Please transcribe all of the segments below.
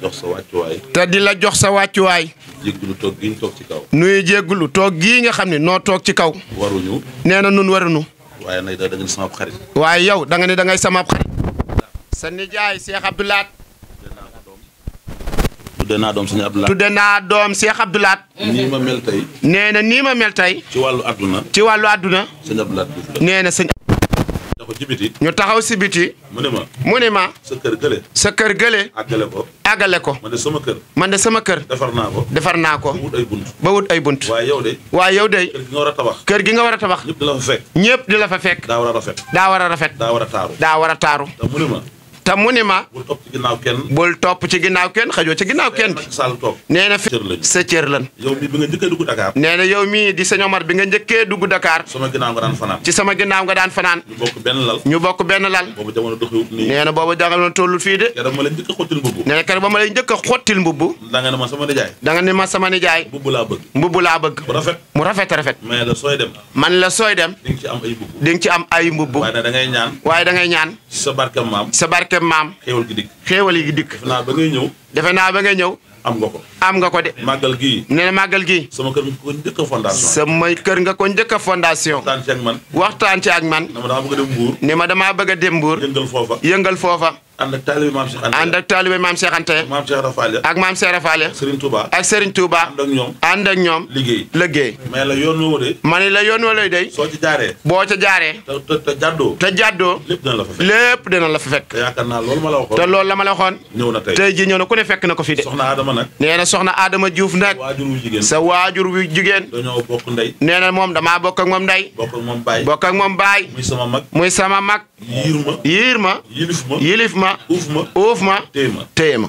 la jox sa wàccuwaay. te di la jox sa wàccuwaay. jéggulu toog gi ñu toog ci kaw. nuyu nga xam ne noo toog ci kaw. waruñu. nee na nun waruñu. waaye nag da nga ni waaye yow da nga ni da sama sa nijaay Cheikh Abdoulaat. tudde naa doom sëñ Abdoulaat. tudde naa doom Cheikh Abdoulaat. nii nee na nii ma mel tey. ci wàllu àdduna. ci wàllu àdduna. ñu taxaw si biti. mu ne ma mu ne sa kër gële. sa kër gële. àggale ko. àggale ko. man de sama kër. man de sama kër. defar naa ko. defar naa ko. ba wut ay bunt. ba wut ay bunt. waaye yow yow de. kër gi nga war a tabax. kër gi nga war a tabax. ñëpp di la fa fekk. ñëpp di la fekk. daa war a rafet. daa war a rafet. taaru. te mu ni ma. bul topp ci ginnaaw kenn. bul topp ci ginnaaw kenn xajoo ci ginnaaw kenn. nee na fi sa cër lan. yow mii bi nga njëkkee dugg Dakar. nee na yow di sëñ Omar bi nga njëkkee dugg Dakar. sama ginnaaw nga daan fanaan. ci sama ginnaaw nga daan fanaan. ñu bokk benn lal. ñu bokk benn lal. boobu jamono doxewut nii. nee na boobu jamono fii de. keroog ma lay njëkk a xottil mbubb. nee na keroog ba ma lay njëkk a xottil mbubb. da nga ne ma sama nijaay. da nga ne ma sama mbubb laa bëgg. mbubb laa mu rafet mu rafet rafet. man la sooy dem. man la sooy dem. di nga ci am ay mbubb. di nga am ay mbubb. waaye da ngay ñaan. waaye da ñaan. sa maam. sa barke barkeb maam. xéewal gi dikk xéewal gi dikk. defe naa ba ngay ñëw. defe naa ba ngay ñëw. am nga ko. am nga ko de. màggal gii. nee na màggal gii. sama kër nga ko njëkk a sama kër nga ko njëkk a fondation. waxtaan ci ak man. waxtaan ci ak ne ma damaa bëgg a dem Mbour. ne ma damaa bëgg a dem Mbour. yëngal foofa. yëngal foofa. ànd a taalibe maam Cheikh Anta ak maam Cheikh Anta ak maam Cheikh ak Serigne Touba ànd ak ñoom liggéey liggéey mais la yoon woo de ma ne la yoon woo lay day soo ci jaaree boo ca jaaree te te jàddoo te jàddoo lépp dina la fa fekk lépp dina la fa fekk te yaakaar naa loolu ma la waxoon te loolu la ma la waxoon ñëw na tey tey ji ñëw na ku ne fekk na ko fi de soxna Adama nag nee na waajur wu jigéen sa waajur wu jigéen dañoo moom damaa bokk ak moom ndey bokk ak moom baay muy sama mag muy sama mag yiir ma yiir ma yilif ma yilif ma uuf ma uuf ma téye ma téye ma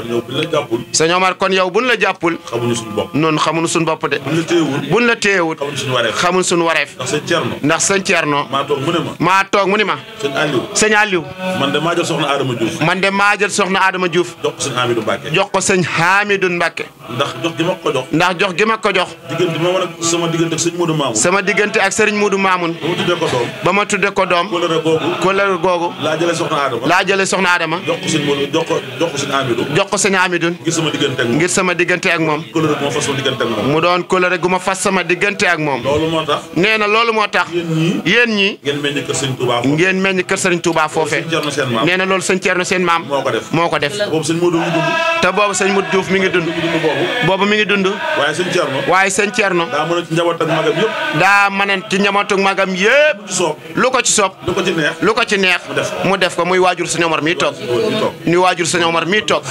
kon yow buñ la jàppul. sëñ Omar kon yow buñ la jàppul. xamuñu suñu bopp noonu xamuñu suñu bopp de. buñ la téyewul buñ la téyewul. xamuñu suñu wareef xamuñu suñu wareef. ndax sëñ Thierno. ndax sëñ Thierno. maa toog mu ne ma. maa toog mu ne ma. sëñ Aliou. sëñ Aliou. man de maa jël soxna Adama Diouf. man de maa jël soxna Adama Diouf. jox ko sëñ Hamidou Mbacke. jox ko sëñ Hamidou Mbacke. ndax jox gi ma ko jox. ndax ma ko jox. diggante bi ma war a sama diggante ak sëñ Modou Mamoun. sama diggante ak sëriñ Modou Mamoun. ba ma tuddee ko doom. kóllëre googu. laa jëlee soxna Adama. laa jëlee soxna jox ko sëñ Amidoune. ngir diggante ngir sama diggante ak moom. kóllëre gu ma fas doon kóllëre gu ma fas sama diggante ak moom. loolu moo tax. nee na loolu moo tax. yéen ñii ngeen meññ kër sëñ Touba foofe ngeen meññ kër sëñ Touba foofe. nee na loolu sëñ Thierno seen maam. moo ko def moo ko def. te boobu sëñ Modou Diouf mi ngi dund. boobu mi ngi dund. waaye sëñ Thierno. waaye sëñ Thierno. daa mën ci njaboot ak magam yëpp. daa mën ci njaboot ak magam yëpp. lu ko ci soob. lu ko ci neex. ko ci neex. mu def ko muy waajur sëñ Omar mi toog. muy waajur sëñ Omar mi toog.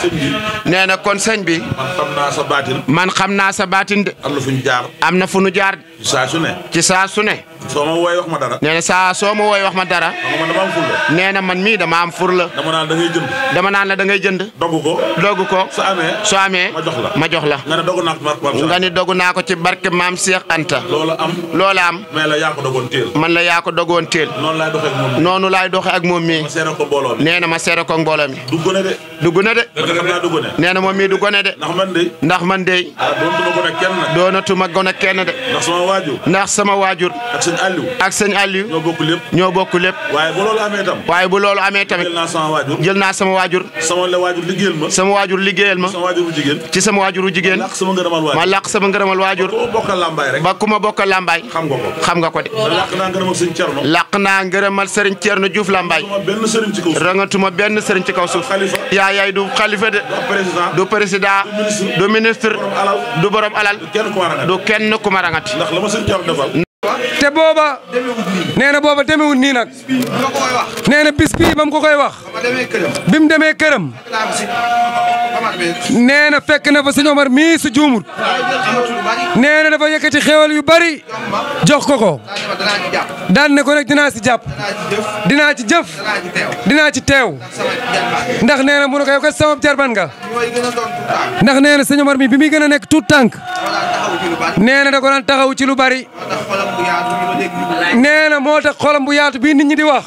nee na kon sëñ bi. man xam naa sa baatin. man xam naa sa baatin de. am na fu jaar. am na fu ñu jaar. ci saa ne. ci saa su ne. soo ma woowee wax ma dara. saa soo ma woowee wax ma dara. xam man na man mii dama am fur la. dama naan da ngay dama naan la da ngay jënd. dogu ko. dogu ko. su amee. su amee ma jox la. ma jox la. nga dogu naa ko ci barke maam Cheikh Anta. loola am. loola am. la yaa ko man la yaa ko dogoon teel. noonu laay doxee ak moom mii. noonu laay doxee ak moom mii. ma seere ko mbooloo nee na ma seere ko mbooloo mi. du gone de. du nee na moom mii du gone de. ndax man de. ndax man de. Ah, doonatuma gone kenn de. kenn de. ndax ndax sama waajur. sëñ Aliou. ak sëñ Aliou. ñoo bokk lépp ñoo bokk lépp. waaye bu loolu amee tam. waaye bu loolu tamit. jël naa sama waajur sama waajur. sama la waajur liggéeyal ma. sama waajur liggéeyal ma. sama waajuru jigéen. ci sama waajuru ma làq sama ngërëmal waajur ma làq sama ba ku ma bokkal lambaay rek. ba ku xam nga ko xam nga ko de. làq na ngërëmal sëñ Thierno. làq naa ngërëmal sëriñ Thierno Diouf lambaay. rangatuma benn sëriñ ci kaw suuf. yaa yaay du xalifa de. du président du ministre du borom alal du kenn ku ma te booba nee na booba demewut nii nag nee na bis bii ba mu ko koy wax bi mu demee këram nee na fekk na fa sëñ Omar mii su juumut nee na dafa yëkkati xéwal yu bari jox ko ko daan ne ko nag dinaa si jàpp dinaa ci jëf dinaa ci teew ndax nee na mu ne ko yow kat sama jarban nga ndax nee na mii bi muy gën a nekk tout tànk nee na da ko daan taxaw ci lu bari. nee moo tax xolam bu yaatu bii nit ñi di wax.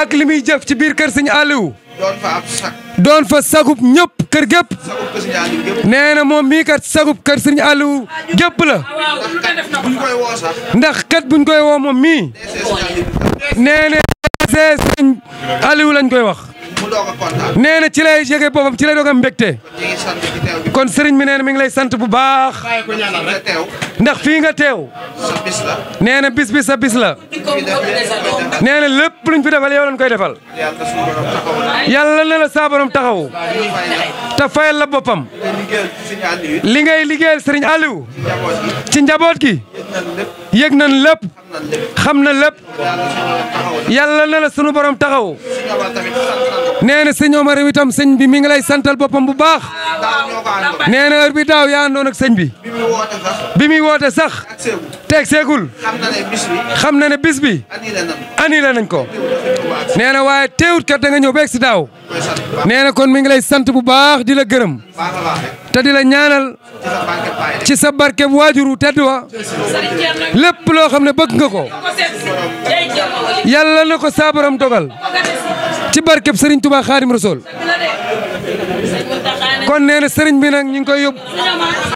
ak li muy jëf ci biir kër sëñ Aliou. doon fa sagub ñëpp kër gépp nee na mii kat sagub kër sëñ Aliou gëpp la. ndax kat buñ koy woo moom mii. nee na sëñ Aliou lañ koy wax. nee na ci lay yëgee boppam ci lay doog am kon sëriñ bi nee na mi ngi lay sant bu baax. ndax fii nga teew. nee na bis bi sa bis la. nee na lépp luñ fi defal yow koy defal. yàlla na la taxaw. te fayal la boppam. li ngay liggéeyal sëriñ Aliou. ci njaboot gi. yëg nañ lépp xam na lépp yàlla na la sunu borom taxaw nee na sëñ Omar sëñ bi mi ngi lay santal boppam bu baax nee na bi daaw yaa àndoon ak sëñ bi bi muy woote sax teeg seegul xam na ne bis bi annulé nañ ko nee na waaye teewut kat da nga ñëw beeg si daaw nee na kon mi ngi lay sant bu baax di la gërëm te di la ñaanal ci sa barke bu waajuru tedd wa lépp loo xam ne bëgg nga ko yàlla na ko saabaram dogal ci barkeb Serigne Touba Khadim Rasoul kon nee sëriñ Serigne bi nag ñu ngi koy yóbbu.